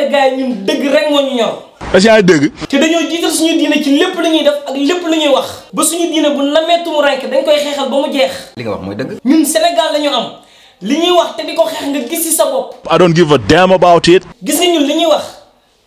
wane gars yi ñun dëgg rek moo ñu ñor. est-ce que dëgg. te dañoo jiital suñu diine ci lépp lu ñuy def ak lépp lu ñuy wax. ba suñu diine bu nameetu mu rànk dañ koy xeexal ba mu jeex. li nga wax mooy dëgg. ñun Sénégal la am li ñuy wax te di ko xeex nga gis ci sa bopp. I don't give a damn about it. gis nga ñun li ñuy wax.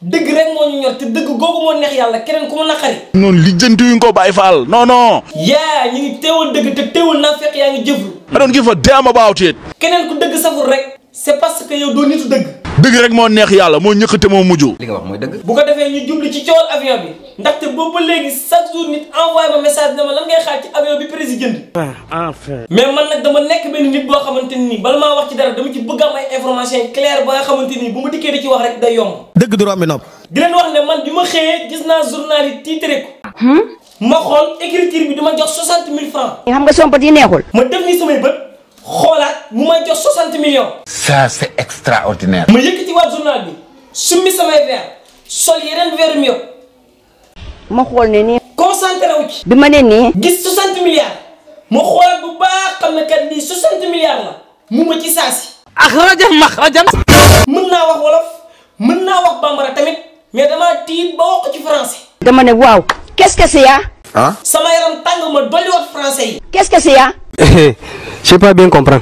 dëgg rek moo ñu ñor te dëgg googu moo neex yàlla keneen ku mu naqari. noonu li lijjanti yu ñu ko bàyyi faal non non. yaa ñu ngi teewal dëgg te teewal naa fekk yaa ngi jëflu. I don't give a damn about it. keneen ku dëgg saful rek. c'est parce que yow doo nitu dëgg. dëgg rek moo neex yàlla moo ñëkkate moo mujj. li nga wax bu ko defee ñu jublu ci coowal avion bi ndaxte boobu ba léegi chaque jour nit envoyé ma message dama lan ngay xaar ci avion bi président jënd. ah enfin. mais nekk benn nit xamante ni bala maa wax ci dara dama ci bëgg am ay information yi claire ba nga xamante ni bu ma dikkee di ci wax rek day yomb. dëgg du romb nopp. di leen wax ne man bi ma xëyee gis naa journal yi tiitre ko. Hmm? ma xool écriture bi dama jox soixante mille francs. xam nga sompat yi neexul. ma def ni samay bët. mu may 60 millions. ça c'est extraordinaire. ma yëkkati waat journal bi summi samay verre sol yeneen verre mu yëpp. ma xool ne nii. concentré wu ci. bi ne nii. gis 60 milliards ma xool bu baax xam ne kat lii 60 milliards la mu ma ci saasi. ak ah, rajam ma rajam. mën naa wax wolof mën naa wax bambara tamit mais damaa tiit ba wax ko ci français. dama ne waaw qu'est-ce que c'est yaa. Ah? Hein? sama yaram tàng ma dolli wat français yi. qu'est-ce que c'est yaa. Eh, eh, je sais pas bien comprendre.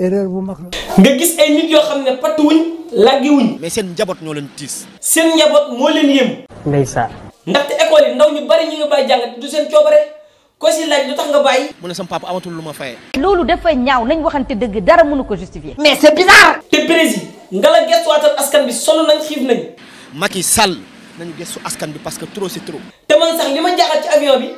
erreur bu mag la. nga gis ay nit yoo xam ne patt wuñ laggi wuñ. mais seen njaboot ñoo leen tiis. seen njaboot moo leen yëm. ndeysaan. ndaxte école yi ndaw ñu bari ñi nga bàyyi jàng du seen coobare. ko si laaj lu tax nga bàyyi. mu ne sama papa amatul lu ma fayee. loolu dafa ñaaw nañ waxante dëgg dara mënu ko justifier. mais c'est bizarre. te président nga la gëstuwaatal askan bi sonn nañ xiif nañ. Macky Sall nañu gëstu askan bi parce que trop c'est trop. te man sax li ma jaaxal ci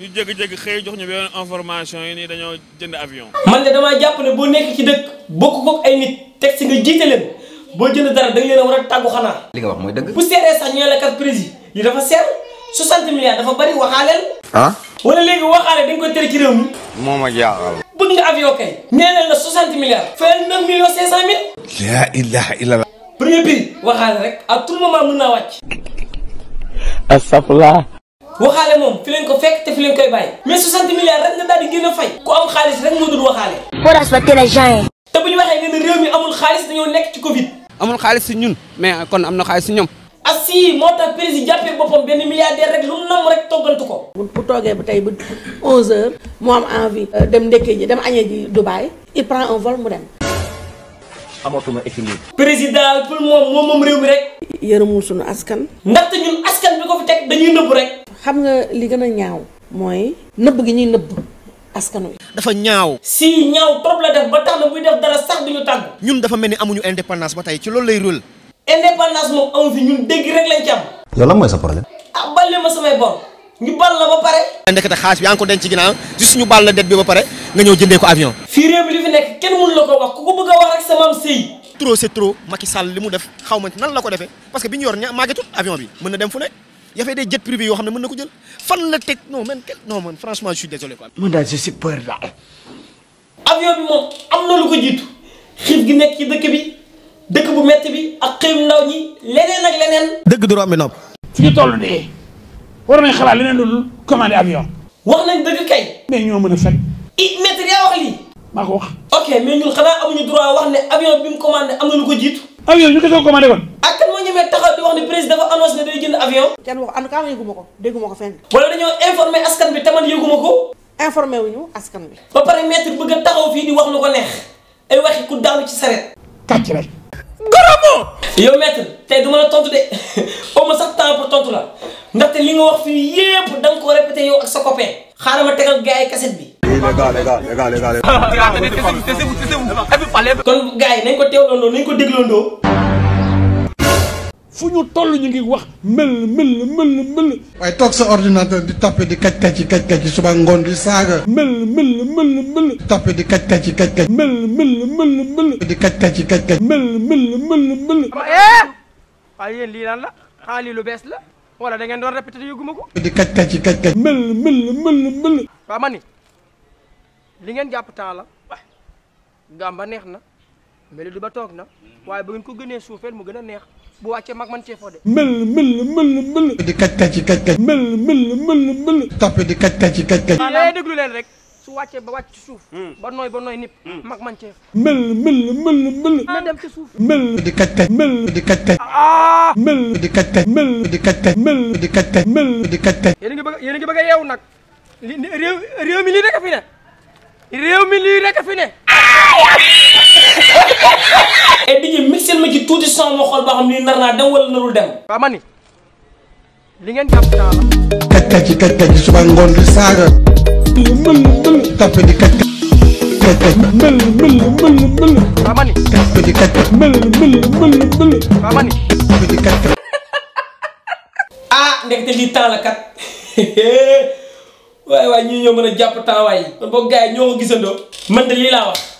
ñu jékki-jékki xëy jox ñu benn information yi dañoo jënd avion. man de damaa jàpp ne boo nekk ci dëkk bokk kook ay nit teg si nga jiite leen boo jënd dara da nga leen a war a tàggu xanaa. li wax mooy dëgg. bu seeree sax ñu ne la carte prési li dafa seer 60 milliards dafa bari waxaaleel. ah. wala léegi waxaale dañ koy tere ci réew mi. moo ma jaaxal. bëgg nga avion kay. nee na la 60 milliards. fayal 9 millions 500 mille. la ilaha illallah. premier prix waxaale rek à tout moment mën naa wàcc. waxaale moom fi leen ko fekk te fi leen koy bàyyi mais 60 milliards rek nga daal di gën a fay ku am xaalis rek moo dul waxaale. pour respecter les gens yi. te bu ñu waxee nga ne réew mi amul xaalis dañoo nekk ci Covid. amul xaalis si ñun mais kon am na xaalis si ñoom. assi ah moo tax président jàppee boppam benn milliardaire rek lu mu nam rek toggantu ko. bu toogee ba tey ba 11h mu am envie. Euh, dem ndekkee ji dem añee ji Dubaï. il prend un vol mu dem. amatuma équilibre. président pour moom moom moom réew mi rek. yërëmul sunu askan. ndaxte ñun askan bi ko dañuy nëbbu rek. xam nga li gëna ñaaw moy neub gi ñuy nëbb askanu dafa ñaaw si ñaaw trop la def ba tax na buy def dara sax duñu tag ñun dafa melni amuñu indépendance ba tay ci loolu lay rôle indépendance mo am fi ñun dégg rek lañ ci am yow lan moy sa problème ah balle ma samay bor ñu bal la ba pare ndekete xaas bi yaa ko denc ginaaw juste ñu bal la dette bi ba paré nga ñew jëndé ko avion fi réew bi li fi nek kenn mënu la ko wax ku ko bëgg wax rek sa mam sey trop c'est trop Macky Sall limu def xawma ma nan la ko défé parce que bi ñu yor ña màggatut avion bi mëna dem fu ne y avait des yoo xam ne mën na ko jël fan la teg non man non man franchement je suis désolé avion bi moom am na lu ko jiitu xiif gi nekk ci dëkk bi dëkk bu mett bi ak xëyum ndaw ñi leneen ak leneen. dëgg du romb nopp. fi ñu toll nii war nañ xalaat leneen lu commandé avion. wax nañ dëgg kay. mais ñoo mën a fekk. i maître yaa wax lii. maa ko wax. ne avion na lu ko jiitu. avion ñu ko soog commandé kon. avion kenn wax en tout cas yëguma ko dégguma ko fenn wala dañoo informer askan bi te man yëguma ko informé wuñu askan bi ba pare maître bëgg a taxaw fii di wax lu ko neex ay waxi ku daanu ci saret kàcc rek garamoo yow maître tey duma la tontu de au ma sax temps pour tontu la ndaxte li nga wax fii yépp da nga ko répété yow ak sa copain xaaral tegal gars cassette bi kon gars yi nañ ko teewlondoo nañ ko dégloondoo fuñu tollu ñu ngi wax mel mel mel mel. way tok sa ordinateur di tapé di kacc kacc kacc kacc suba ngon di saga mel mel mel mel. tapé di kacc kacc kacc kacc mel mel mel mel. di kacc kacc kacc kacc mel mel mel mel. eh ay li lii lan la xali lu bes la wala da ngeen doon répéter yu gumako di kacc kacc kacc kacc mel mel mel mel. ba mani li ngeen japp temps la waaye neex na Mel du ba tok na waye bu ngeen ko gëné soufel mu gëna neex. bu wàccee mag man cee foo de. mbëll mbëll mbëll mbëll. di kaj kaj kaj kaj. mbëll mbëll mbëll mbëll. tapé di kaj kaj rek. su wàccee ba wàcc ci suuf. Hmm. ba nooy ba nooy hmm. mag mën cee foo. mbëll suuf. mbëll di kaj kaj. mbëll di kaj kaj. ah. mbëll nag li mi lii rek fi ne réew mi lii rek fi ne tuuti sang ma xol ba xam ni dem wala narul dem. ba ma ni li ngeen jàpp naa la. kat kaj ci kat ci suba ngoon di saaga. tapé di ni ni tapé di ah temps la kat temps ñoo man de wax.